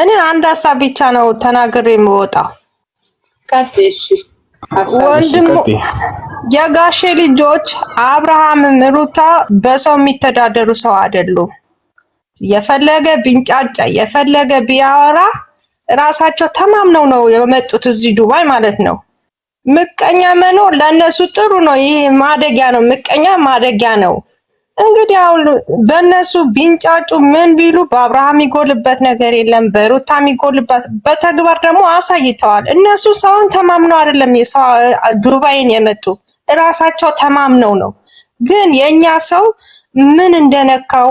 እኔ አንድ ሀሳብ ብቻ ነው ተናግሬ የምወጣው። ወንድሙ የጋሼ ልጆች አብርሃም ሩታ በሰው የሚተዳደሩ ሰው አይደሉም። የፈለገ ቢንጫጫ የፈለገ ቢያወራ ራሳቸው ተማምነው ነው የመጡት እዚህ ዱባይ ማለት ነው። ምቀኛ መኖር ለእነሱ ጥሩ ነው። ይሄ ማደጊያ ነው። ምቀኛ ማደጊያ ነው። እንግዲህ አሁን በእነሱ ቢንጫጩ ምን ቢሉ በአብርሃም የሚጎልበት ነገር የለም፣ በሩታ የሚጎልበት በተግባር ደግሞ አሳይተዋል። እነሱ ሰውን ተማምነው አይደለም ዱባይን የመጡ እራሳቸው ተማምነው ነው። ግን የእኛ ሰው ምን እንደነካው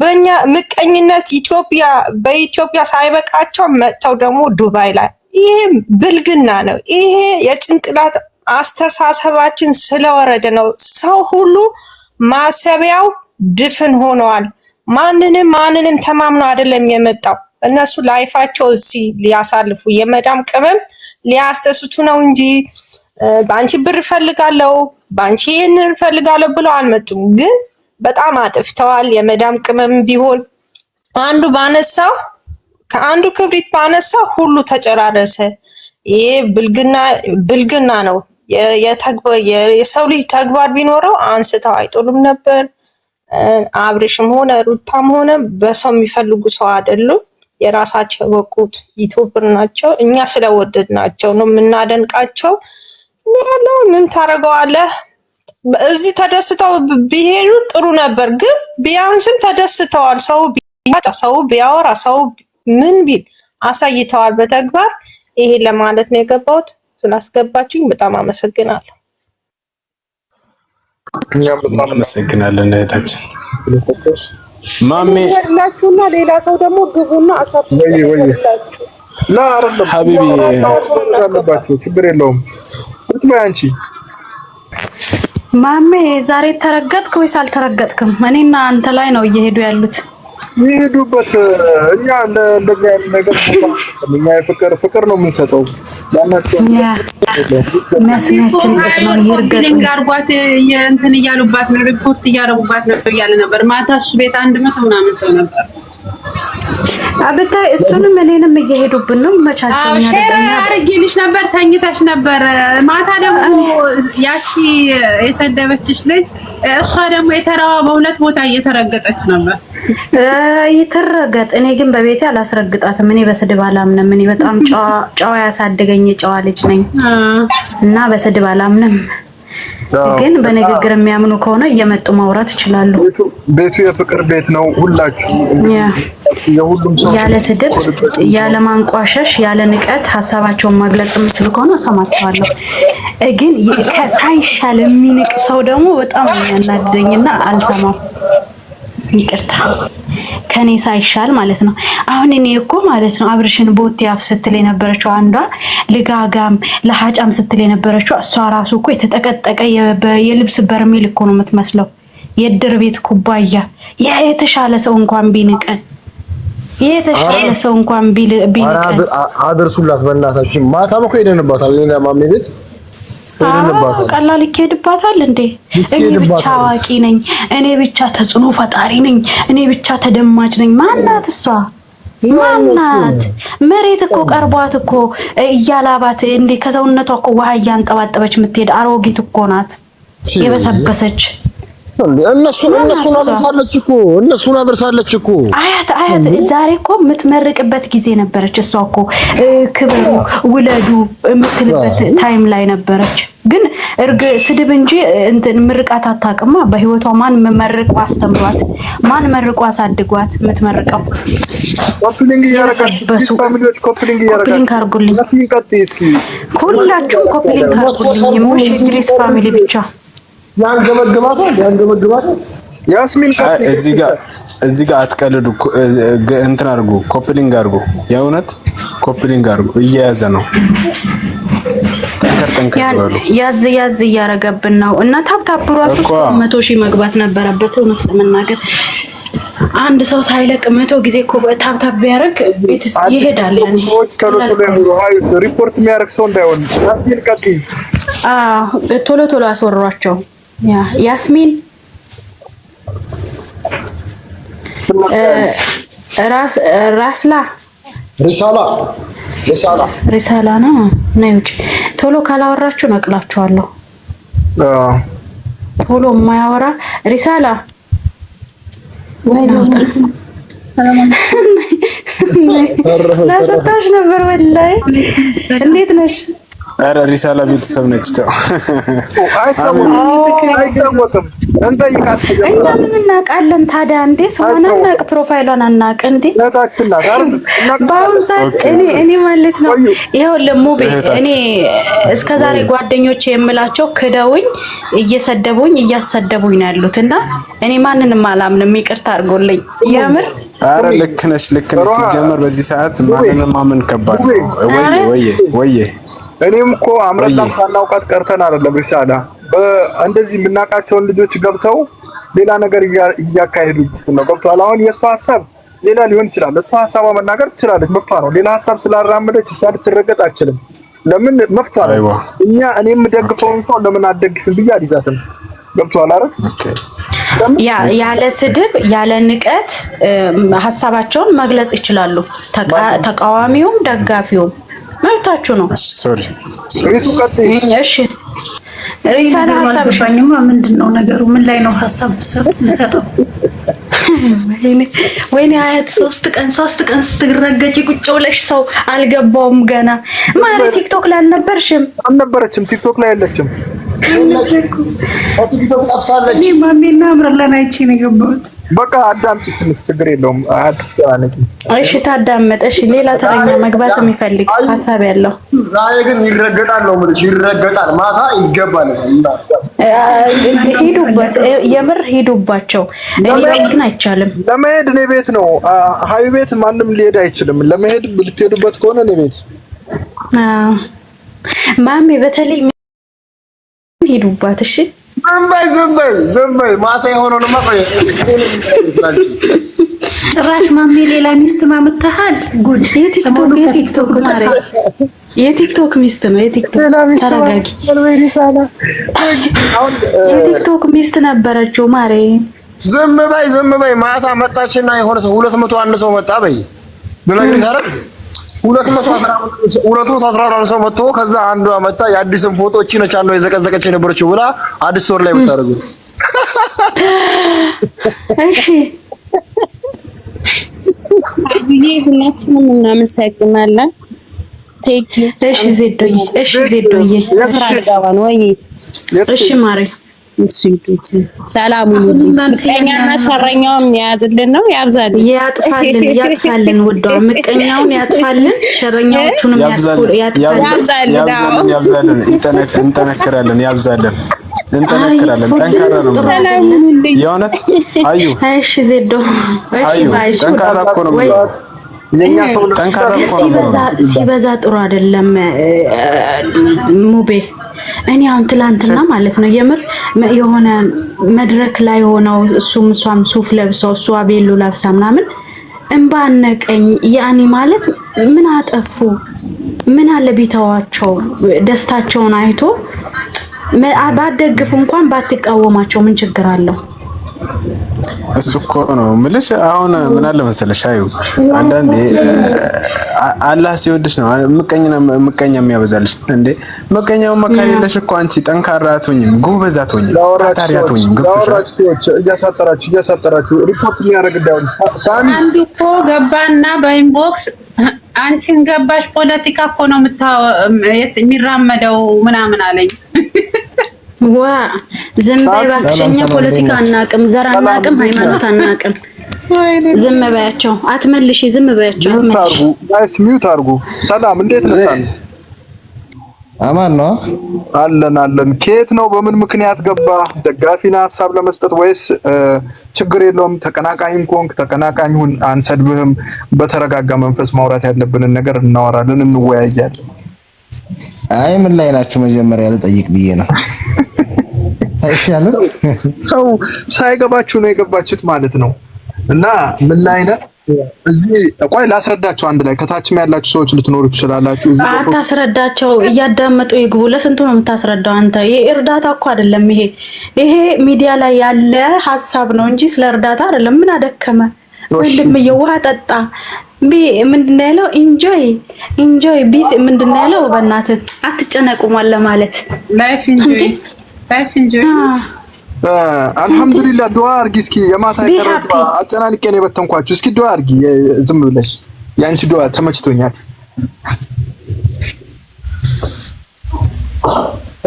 በእኛ ምቀኝነት ኢትዮጵያ በኢትዮጵያ ሳይበቃቸው መጥተው ደግሞ ዱባይ ላይ ይሄ ብልግና ነው። ይሄ የጭንቅላት አስተሳሰባችን ስለወረደ ነው ሰው ሁሉ ማሰቢያው ድፍን ሆነዋል። ማንንም ማንንም ተማምነው አይደለም የመጣው እነሱ ላይፋቸው እዚህ ሊያሳልፉ የመዳም ቅመም ሊያስደስቱ ነው እንጂ በአንቺ ብር እፈልጋለሁ በአንቺ ይህንን እፈልጋለሁ ብለው አልመጡም። ግን በጣም አጥፍተዋል። የመዳም ቅመም ቢሆን አንዱ ባነሳው ከአንዱ ክብሪት ባነሳው ሁሉ ተጨራረሰ። ይሄ ብልግና ብልግና ነው። የሰው ልጅ ተግባር ቢኖረው አንስተው አይጥሉም ነበር። አብርሽም ሆነ ሩታም ሆነ በሰው የሚፈልጉ ሰው አይደሉም። የራሳቸው ወቁት ዩቱበር ናቸው። እኛ ስለወደድናቸው ነው የምናደንቃቸው። ያለው ምን ታደርገዋለህ? እዚህ ተደስተው ቢሄዱ ጥሩ ነበር፣ ግን ቢያንስም ተደስተዋል። ሰው ቢያጫ፣ ሰው ቢያወራ፣ ሰው ምን ቢል አሳይተዋል በተግባር። ይሄ ለማለት ነው የገባሁት። ስላስገባችሁኝ በጣም አመሰግናለሁ። እኛም በጣም አመሰግናለን እህታችን ማሜ። ይኸውላችሁና ሌላ ሰው ደግሞ ግቡና አሳብ ችግር የለውም። እንትማ አንቺ ማሜ ዛሬ ተረገጥክ ወይስ አልተረገጥክም? እኔና አንተ ላይ ነው እየሄዱ ያሉት። የሚሄዱበት እኛ እንደዚህ አይነት ነገር እኛ የፍቅር ፍቅር ነው የምንሰጠው። ሊንግ አድርጓት እንትን እያሉባት ነው፣ ሪፖርት ነበር እያለ ነበር። ማታ እሱ ቤት አንድ መቶ ምናምን ሰው ነበር ብታይ እሱንም እኔንም እየሄዱብን ነው። ይመቻቸው። ሼር አድርጌልሽ ነበር ተኝተሽ ነበር። ማታ ደግሞ ያቺ የሰደበችሽ ልጅ እሷ ደግሞ የተራዋ በሁለት ቦታ እየተረገጠች ነበር። ይትረገጥ። እኔ ግን በቤቴ አላስረግጣትም። እኔ በስድብ አላምንም። እኔ በጣም ጨዋ ያሳደገኝ ጨዋ ልጅ ነኝ እና በስድብ አላምንም። ግን በንግግር የሚያምኑ ከሆነ እየመጡ ማውራት ይችላሉ። ቤቱ የፍቅር ቤት ነው። ሁላችሁ ያለ ስድብ፣ ያለ ማንቋሸሽ፣ ያለ ንቀት ሀሳባቸውን መግለጽ የሚችሉ ከሆነ እሰማቸዋለሁ። ግን ከሳይሻል የሚንቅ ሰው ደግሞ በጣም የሚያናድደኝና አልሰማም። ይቅርታ ከኔ ሳይሻል ማለት ነው። አሁን እኔ እኮ ማለት ነው አብርሽን ቦቴ አፍ ስትል የነበረችው አንዷ ልጋጋም ለሀጫም ስትል የነበረችው እሷ ራሱ እኮ የተጠቀጠቀ የልብስ በርሜል እኮ ነው የምትመስለው። የድር ቤት ኩባያ የተሻለ ሰው እንኳን ቢንቀን የተሻለ ሰው እንኳን ቢንቀን አድርሱላት በእናታችን ማታም እኮ ሄደንባታል ማሜ ቤት ቀላል ይካሄድባታል እንዴ? እኔ ብቻ አዋቂ ነኝ፣ እኔ ብቻ ተጽዕኖ ፈጣሪ ነኝ፣ እኔ ብቻ ተደማጭ ነኝ። ማናት እሷ? ማናት? መሬት እኮ ቀርቧት እኮ እያላባት እንዴ ከሰውነቷ እኮ ውሃ እያንጠባጠበች የምትሄድ አሮጊት እኮ ናት የበሰበሰች እነሱን እነሱን አድርሳለች እኮ እነሱን አድርሳለች እኮ አያት አያት ዛሬ እኮ የምትመርቅበት ጊዜ ነበረች። እሷ እኮ ክበሩ ውለዱ የምትልበት ታይም ላይ ነበረች። ግን እርግ ስድብ እንጂ እንትን ምርቃት አታውቅማ በህይወቷ። ማን መርቆ አስተምሯት? ማን መርቆ አሳድጓት? የምትመርቀው ኮፕሊንግ አርጉልኝ፣ ሁላችሁም ኮፕሊንግ አርጉልኝ። ሞሽ ድሬስ ፋሚሊ ብቻ ያንገበግባታል ያንገበግባታል። ያስሚን እዚህ ጋር እዚህ ጋር አትቀልዱ። እንትን አድርጉ፣ ኮፕሊንግ አድርጉ። የእውነት ኮፕሊንግ አድርጉ። እየያዘ ነው። ያዝ ያዝ እያረገብን ነው እና ታፕታፕ መቶ ሺህ መግባት ነበረበት። እውነት ለመናገር አንድ ሰው ሳይለቅ መቶ ጊዜ እኮ ታፕታፕ ቢያደርግ ቤት ይሄዳል። ሪፖርት የሚያደርግ ሰው እንዳይሆን ቶሎ ቶሎ አስወሯቸው። ያስሚን ራስላ ሪሳላ ሪሳላ ሪሳላ ነው ነው ውጭ ቶሎ ካላወራችሁ ነቅላችኋለሁ። ቶሎ የማያወራ ሪሳላ ላሰጣሽ ነበር ወላይ እንዴት ነሽ? አረ ሪሳላ ቤተሰብ ነች። ተው አይታወቅም፣ እንጠይቃት። እኛ ምን እናውቃለን ታዲያ? እንዴ ስሟን አናውቅ፣ ፕሮፋይሏን አናውቅ። እንዴ በአሁን ሰዓት እኔ እኔ ማለት ነው ይኸው ለሙቤ እኔ እስከዛሬ ጓደኞች የምላቸው ክደውኝ፣ እየሰደቡኝ፣ እያሰደቡኝ ነው ያሉት እና እኔ ማንንም አላምንም። ይቅርታ አድርጎልኝ የምር አረ ልክ ነሽ፣ ልክ ነሽ። ሲጀመር በዚህ ሰዓት ማንንም ማመን ከባድ ነው። ወይ ወይ ወይ እኔም እኮ አምረጣም ሳናውቃት ቀርተን አይደለም። ሪሳላ እንደዚህ የምናውቃቸውን ልጆች ገብተው ሌላ ነገር እያካሄዱ ነው። ገብቷል። አሁን የእሷ ሀሳብ ሌላ ሊሆን ይችላል። እሷ ሀሳቧ መናገር ትችላለች፣ መብቷ ነው። ሌላ ሀሳብ ስላራመደች እሷ ልትረገጥ አችልም። ለምን መብቷ ነው። እኛ እኔ የምደግፈውን ሰው ለምን አደግፍም ብዬ አልይዛትም። ገብቷል አረግ ያለ ስድብ ያለ ንቀት ሀሳባቸውን መግለጽ ይችላሉ፣ ተቃዋሚውም ደጋፊውም መብታችሁ ነው። ሶሪ እሺ ሪሳላ ሀሳብሽኝማ ምንድን ነው ነገሩ? ምን ላይ ነው ሀሳብ ሰጠው። ወይኔ አያት ሶስት ቀን ሶስት ቀን ስትረገጭ ቁጭ ብለሽ ሰው አልገባውም ገና። ማለት ቲክቶክ ላይ አልነበርሽም? አልነበረችም ቲክቶክ ላይ ያለችም እኔ ማሜና አምረላን አይቼ ነው የገባሁት። በቃ አዳምጪ፣ ትንሽ ችግር የለውም አትጨናነቂ። እሺ ታዳመጠ። እሺ ሌላ ተረኛ መግባት የሚፈልግ ሀሳብ ያለው ራእይ ግን ይረገጣል ነው የምልሽ፣ ይረገጣል። ማታ ይገባል። ሂዱበት፣ የምር ሂዱባቸው። እኔ ግን አይቻልም ለመሄድ። እኔ ቤት ነው ሀይ ቤት ማንም ሊሄድ አይችልም። ለመሄድ ልትሄዱበት ከሆነ እኔ ቤት ማሜ በተለይ ሂዱባት። እሺ ዝም በይ ዝም በይ ዝም በይ። ማታ የሆነውንማ ጭራሽ ማሜ ሌላ ሚስት ማምታሃል። ጉድ የቲክቶክ የቲክቶክ ሚስት ነው። የቲክቶክ ተረጋጊ። የቲክቶክ ሚስት ነበረችው ማሬ። ዝም በይ ዝም በይ። ማታ መጣችና የሆነ ሰው ሁለት መቶ አንድ ሰው መጣ በይ ብላ ሁለት መቶ አስራ አራት ሰው መጥቶ ከዛ አንዷ መጣ የአዲስን ፎቶ እቺ ነች አንዷ የዘቀዘቀች የነበረችው ብላ አዲስ ስቶሪ ላይ ብታደርጉት። እሺ ይሄ ሁላችንም እናመሰግናለን። ቴንክ እሺ ዜዶዬ፣ እሺ ዜዶዬ፣ ስራ ልገባ ወይ? እሺ ማሪ እሱ ይዱት ሰላም ምቀኛና ሸረኛውን የያዝልን ነው ያብዛልን፣ ያጥፋልን፣ ያጥፋልን። ውዷ ምቀኛውን ያጥፋልን፣ ሸረኛዎቹንም ያጥፋልን፣ ያብዛልን፣ እንጠነክራለን፣ ያብዛልን፣ እንጠነክራለን። ጠንካራ ነው የእውነት አዩ። እሺ ዜዶ፣ እሺ ባይሽ፣ ጠንካራ እኮ ነው ነው። ሲበዛ ጥሩ አይደለም ሙቤ እኔ አሁን ትላንትና ማለት ነው የምር የሆነ መድረክ ላይ ሆነው እሱም እሷም ሱፍ ለብሰው እሷ ቤሎ ለብሳ ምናምን እምባነቀኝ ያኔ ማለት ምን አጠፉ? ምን አለ ቢተዋቸው ደስታቸውን አይቶ ባደግፉ እንኳን ባትቃወማቸው ምን ችግር አለው? እሱ እኮ ነው የምልሽ። አሁን ምን አለ መሰለሽ፣ አዩ አንዳንዴ አላህ ሲወድሽ ነው ምቀኛ የሚያበዛልሽ። እንዴ ምቀኛው መካሪ የለሽ እኮ አንቺ ጠንካራ አትሆኝም፣ ጎበዝ አትሆኝም፣ ታታሪ አትሆኝም። ገብቶሻል። እያሳጠራችሁ እያሳጠራችሁ ሪፖርት የሚያደርግ አንዱ እኮ ገባና በኢንቦክስ አንቺን ገባሽ ፖለቲካ እኮ ነው የሚራመደው ምናምን አለኝ ዋ ዝም በይ እባክሽ። እኛ ፖለቲካ አናቅም፣ ዘር አናቅም፣ ሃይማኖት አናቅም። ዝም በያቸው፣ አትመልሽ። ዝም በያቸው፣ አትመልሽ። ሚውት አድርጉ። ሰላም እንዴት ነህ? አማን ነው አለን አለን። ከየት ነው? በምን ምክንያት ገባ? ደጋፊና ሀሳብ ለመስጠት ወይስ ችግር የለውም ተቀናቃኝም ከሆንክ ተቀናቃኝ ሁን፣ አንሰድብህም። በተረጋጋ መንፈስ ማውራት ያለብንን ነገር እናወራለን፣ እንወያያለን። አይ ምን ላይ ናችሁ? መጀመሪያ ልጠይቅ ብዬ ነው አይሻልም? ሰው ሳይገባችሁ ነው የገባችሁት ማለት ነው። እና ምን ላይ ነን እዚህ? ቆይ ላስረዳቸው። አንድ ላይ ከታችም ያላችሁ ሰዎች ልትኖሩ ትችላላችሁ። አታስረዳቸው፣ እያዳመጡ ይግቡ። ለስንቱ ነው የምታስረዳው አንተ? የእርዳታ እኮ አይደለም ይሄ። ይሄ ሚዲያ ላይ ያለ ሀሳብ ነው እንጂ ስለ እርዳታ አይደለም። ምን አደከመ ወንድም የውሃ ጠጣ ቢ ምንድን ነው ያለው? ኢንጆይ ኢንጆይ ቢ ምንድን ነው ያለው? በእናትህ አትጨነቁማል ለማለት ላይፍ ኢንጆይ አልሐምዱሊላ ዱዓ አድርጊ እስኪ። የማታ የቀረው ዱዓ አጨናንቄ ነው የበተንኳችሁ። እስኪ ዱዓ አርጊ ዝም ብለሽ። ያንቺ ዱዓ ተመችቶኛል።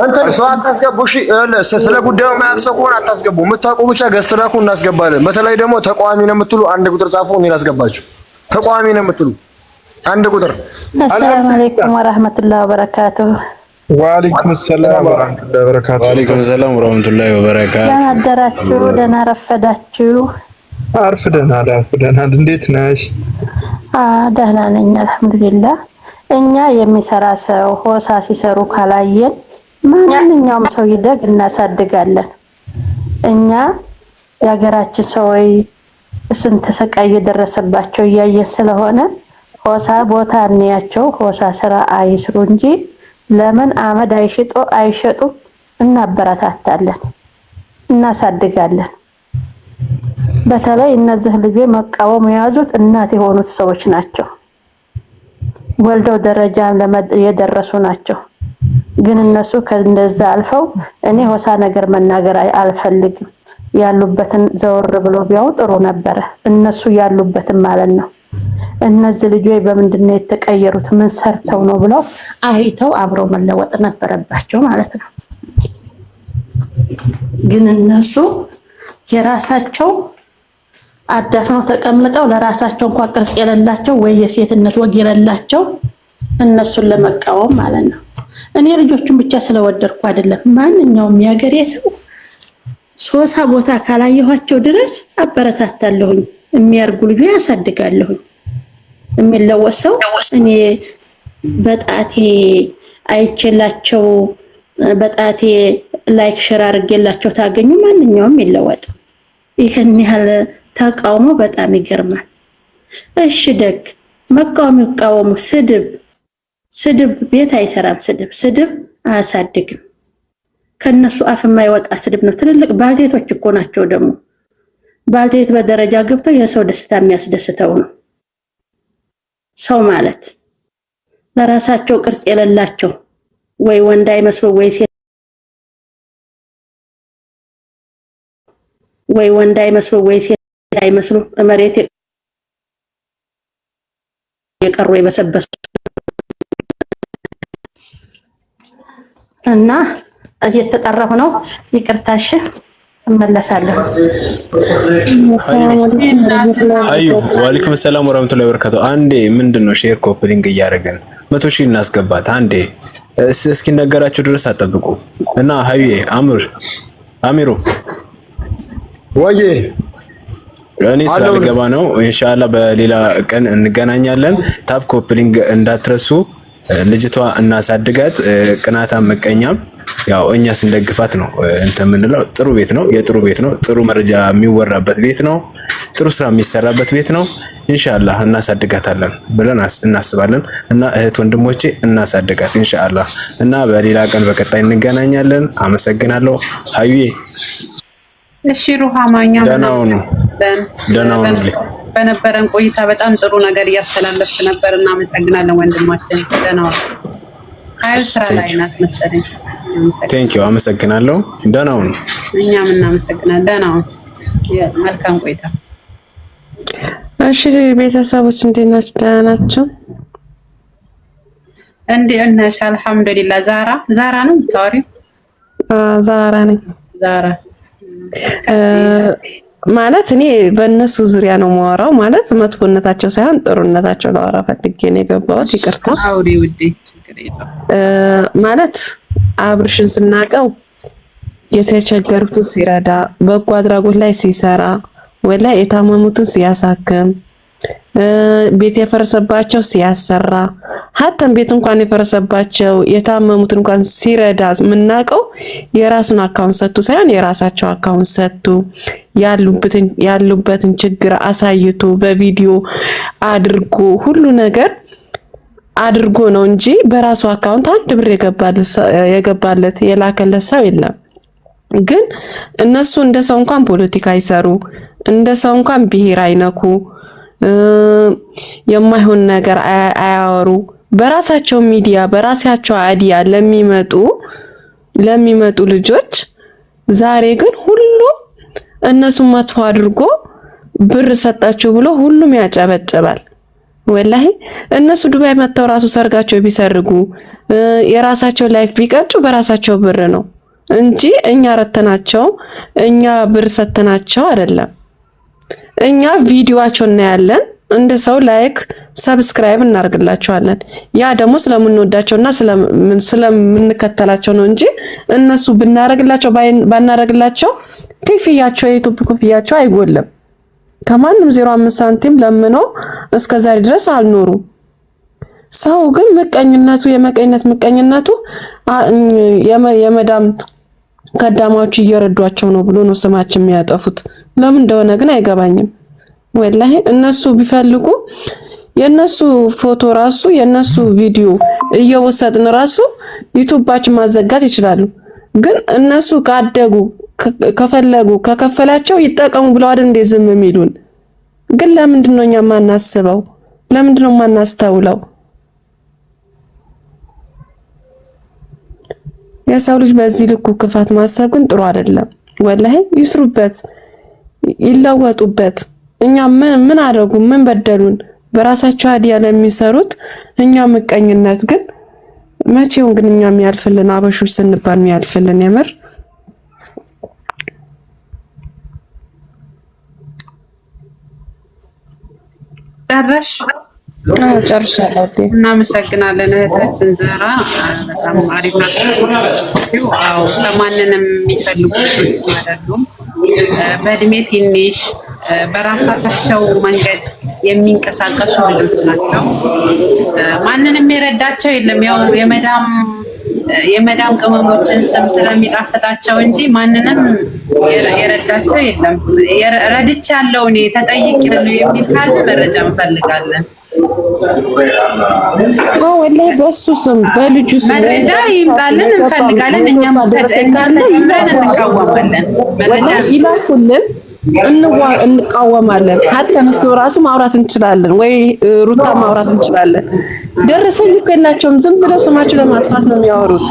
እንትን ሰው አታስገቡ። እሺ ስለ ጉዳዩ የማያውቅ ሰው ከሆነ አታስገቡ። የምታውቁ ብቻ ገዝት ላኩ፣ እናስገባለን። በተለይ ደግሞ ተቃዋሚ ነው የምትሉ አንድ ቁጥር ጻፉ፣ እኔ ላስገባችሁ። ተቃዋሚ ነው የምትሉ አንድ ቁጥር። አሰላሙ አለይኩም ወራህመቱላሂ ወበረካቱሁ ዋአሌይኩም ሰላም ወራህመቱላሂ ወበረካቱ። ዋአሌይኩም ሰላም ወራህመቱላሂ ወበረካቱ። ደህና አደራችሁ፣ ደህና ረፈዳችሁ። አርፍደናል፣ አርፍደናል። እንዴት ነሽ? ደህና ነኝ አልሐምዱሊላህ። እኛ የሚሰራ ሰው ሆሳ ሲሰሩ ካላየን ማንኛውም ሰው ይደግ እናሳድጋለን። እኛ የሀገራችን ሰዎች ስንት ስቃይ እየደረሰባቸው እያየን ስለሆነ ሆሳ ቦታ እንያቸው፣ ሆሳ ስራ አይስሩ እንጂ ለምን አመድ አይሽጦ አይሸጡ? እናበረታታለን፣ እናሳድጋለን። በተለይ እነዚህ ልጆች መቃወም የያዙት እናት የሆኑት ሰዎች ናቸው። ወልደው ደረጃ የደረሱ ናቸው። ግን እነሱ ከእንደዛ አልፈው እኔ ሆሳ ነገር መናገር አልፈልግም ያሉበትን ዘወር ብሎ ቢያው ጥሩ ነበረ። እነሱ ያሉበትን ማለት ነው። እነዚህ ልጆች በምንድን ነው የተቀየሩት? ምን ሰርተው ነው ብለው አይተው አብረው መለወጥ ነበረባቸው ማለት ነው። ግን እነሱ የራሳቸው አዳፍነው ተቀምጠው ለራሳቸው እንኳ ቅርጽ የሌላቸው ወይ የሴትነት ወግ የሌላቸው እነሱን ለመቃወም ማለት ነው። እኔ ልጆቹን ብቻ ስለወደድኩ አይደለም። ማንኛውም የሀገሬ ሰው ሶሳ ቦታ ካላየኋቸው ድረስ አበረታታለሁኝ፣ የሚያርጉ ልጆ ያሳድጋለሁኝ። የሚለወጥ ሰው እኔ በጣቴ አይችላቸው በጣቴ ላይክ ሸር አድርጌላቸው ታገኙ ማንኛውም ይለወጥ። ይህን ያህል ተቃውሞ በጣም ይገርማል። እሺ ደግ መቃወም ይቃወሙ። ስድብ ስድብ ቤት አይሰራም። ስድብ ስድብ አያሳድግም። ከነሱ አፍ የማይወጣ ስድብ ነው። ትልልቅ ባልቴቶች እኮ ናቸው። ደግሞ ባልቴት በደረጃ ገብተው የሰው ደስታ የሚያስደስተው ነው። ሰው ማለት ለራሳቸው ቅርጽ የሌላቸው ወይ ወንድ አይመስሉ ወይ ሴት ወይ ወንድ አይመስሉ ወይ ሴት አይመስሉ መሬት የቀሩ የበሰበሱ እና እየተጠራሁ ነው። ይቅርታሽ እመለሳለሁ። ዋሊኩም ሰላም ወራህመቱላሂ ወበረካቱ። አንዴ ምንድን ነው ሼር ኮፕሊንግ እያደረግን መቶ ሺህ እናስገባት። አንዴ እስኪነገራችሁ ድረስ አጠብቁ እና ሀዩዬ አምር አሚሩ ወዬ እኔ ልገባ ነው። ኢንሻአላ በሌላ ቀን እንገናኛለን። ታፕ ኮፕሊንግ እንዳትረሱ። ልጅቷ እናሳድጋት። ቅናታ መቀኛም ያው እኛ ስንደግፋት ነው እንትን የምንለው። ጥሩ ቤት ነው፣ የጥሩ ቤት ነው፣ ጥሩ መረጃ የሚወራበት ቤት ነው፣ ጥሩ ስራ የሚሰራበት ቤት ነው። ኢንሻአላህ እናሳድጋታለን ብለን እናስባለን እና እህት ወንድሞቼ እናሳድጋት ኢንሻአላህ። እና በሌላ ቀን በቀጣይ እንገናኛለን። አመሰግናለሁ። ሀይዬ እሺ፣ ሩሃማኛ ደህና ሁኑ። በነበረን ቆይታ በጣም ጥሩ ነገር እያስተላለፍክ ነበር። እናመሰግናለን ወንድማችን። ደህና ሁኑ። ሀይል ስራ ላይ ናት መሰለኝ ቴንኪው፣ አመሰግናለሁ። ደህና ሁኑ። እኛም እናመሰግናለን። ደህና ሁኑ። መልካም ቆይታ። እሺ ቤተሰቦች እንዴት ናችሁ? ደህና ናችሁ? እንዴት ነሽ? አልሐምዱሊላህ። ዛራ ዛራ ነው የምታወሪው? ዛራ ነኝ። ዛራ ማለት እኔ በእነሱ ዙሪያ ነው የማወራው። ማለት መጥፎነታቸው ሳይሆን ጥሩነታቸው ላወራ ፈልጌ ነው የገባሁት። ይቅርታ ማለት አብርሽን ስናቀው የተቸገሩትን ሲረዳ፣ በጎ አድራጎት ላይ ሲሰራ፣ ወላይ የታመሙትን ሲያሳክም፣ ቤት የፈረሰባቸው ሲያሰራ፣ ሀተም ቤት እንኳን የፈረሰባቸው የታመሙት እንኳን ሲረዳ የምናቀው የራሱን አካውንት ሰጥቶ ሳይሆን የራሳቸው አካውንት ሰቱ ያሉበትን ችግር አሳይቶ በቪዲዮ አድርጎ ሁሉ ነገር አድርጎ ነው እንጂ በራሱ አካውንት አንድ ብር የገባለት የላከለት ሰው የለም። ግን እነሱ እንደ ሰው እንኳን ፖለቲካ አይሰሩ፣ እንደ ሰው እንኳን ብሔር አይነኩ፣ የማይሆን ነገር አያወሩ። በራሳቸው ሚዲያ በራሳቸው አዲያ ለሚመጡ ለሚመጡ ልጆች ዛሬ ግን ሁሉም እነሱን መጥፎ አድርጎ ብር ሰጣችሁ ብሎ ሁሉም ያጨበጭባል። ወላሂ እነሱ ዱባይ መጥተው ራሱ ሰርጋቸው ቢሰርጉ የራሳቸው ላይፍ ቢቀጩ በራሳቸው ብር ነው እንጂ እኛ ረተናቸው እኛ ብር ሰተናቸው አይደለም። እኛ ቪዲዮዋቸው እናያለን፣ እንደ ሰው ላይክ ሰብስክራይብ እናደርግላቸዋለን። ያ ደግሞ ስለምንወዳቸውና ስለምንከተላቸው ነው እንጂ እነሱ ብናደርግላቸው ባናደርግላቸው ክፍያቸው የዩቱብ ክፍያቸው አይጎልም። ከማንም ዜሮ አምስት ሳንቲም ለምኖ እስከ ዛሬ ድረስ አልኖሩም። ሰው ግን ምቀኝነቱ የመቀኝነት ምቀኝነቱ የመዳም ከዳማዎች እየረዷቸው ነው ብሎ ነው ስማችን የሚያጠፉት። ለምን እንደሆነ ግን አይገባኝም። ወላሂ እነሱ ቢፈልጉ የነሱ ፎቶ ራሱ የነሱ ቪዲዮ እየወሰድን ራሱ ዩቱባችን ማዘጋት ይችላሉ። ግን እነሱ ካደጉ ከፈለጉ ከከፈላቸው ይጠቀሙ ብለው አይደል እንዴ ዝም የሚሉን? ግን ለምንድን ነው እኛ የማናስበው? ለምንድን ነው የማናስተውለው? የሰው ልጅ በዚህ ልኩ ክፋት ማሰብ ግን ጥሩ አይደለም። ወላሂ ይስሩበት፣ ይለወጡበት። እኛ ምን ምን አደረጉ? ምን በደሉን? በራሳቸው አዲያ ለሚሰሩት እኛ ምቀኝነት ግን መቼውን ግን እኛ የሚያልፍልን አበሾች ስንባል የሚያልፍልን የምር ጨረሽ? ጨርሻለሁ። እናመሰግናለን እህታችን ዘራ፣ በጣም አሪፍ ነው። ለማንንም የሚፈልጉ አይደሉም። በእድሜ ትንሽ በራሳቸው መንገድ የሚንቀሳቀሱ ልጆች ናቸው። ማንንም የረዳቸው የለም ያው የመዳም የመዳም ቅመሞችን ስም ስለሚጣፍጣቸው እንጂ ማንንም የረዳቸው የለም። ረድቻ ያለው እኔ ተጠይቅ ያለው የሚል ካለ መረጃ እንፈልጋለን። ወላሂ በእሱ ስም በልጁ ስም መረጃ ይምጣልን እንፈልጋለን። እኛም ተጨምረን እንቃወማለን። መረጃ ይላኩልን እንዋ እንቃወማለን። ሀተን እሱ ራሱ ማውራት እንችላለን ወይ ሩታ ማውራት እንችላለን። ደረሰኝ እኮ የላቸውም። ዝም ብለው ስማቸው ለማጥፋት ነው የሚያወሩት።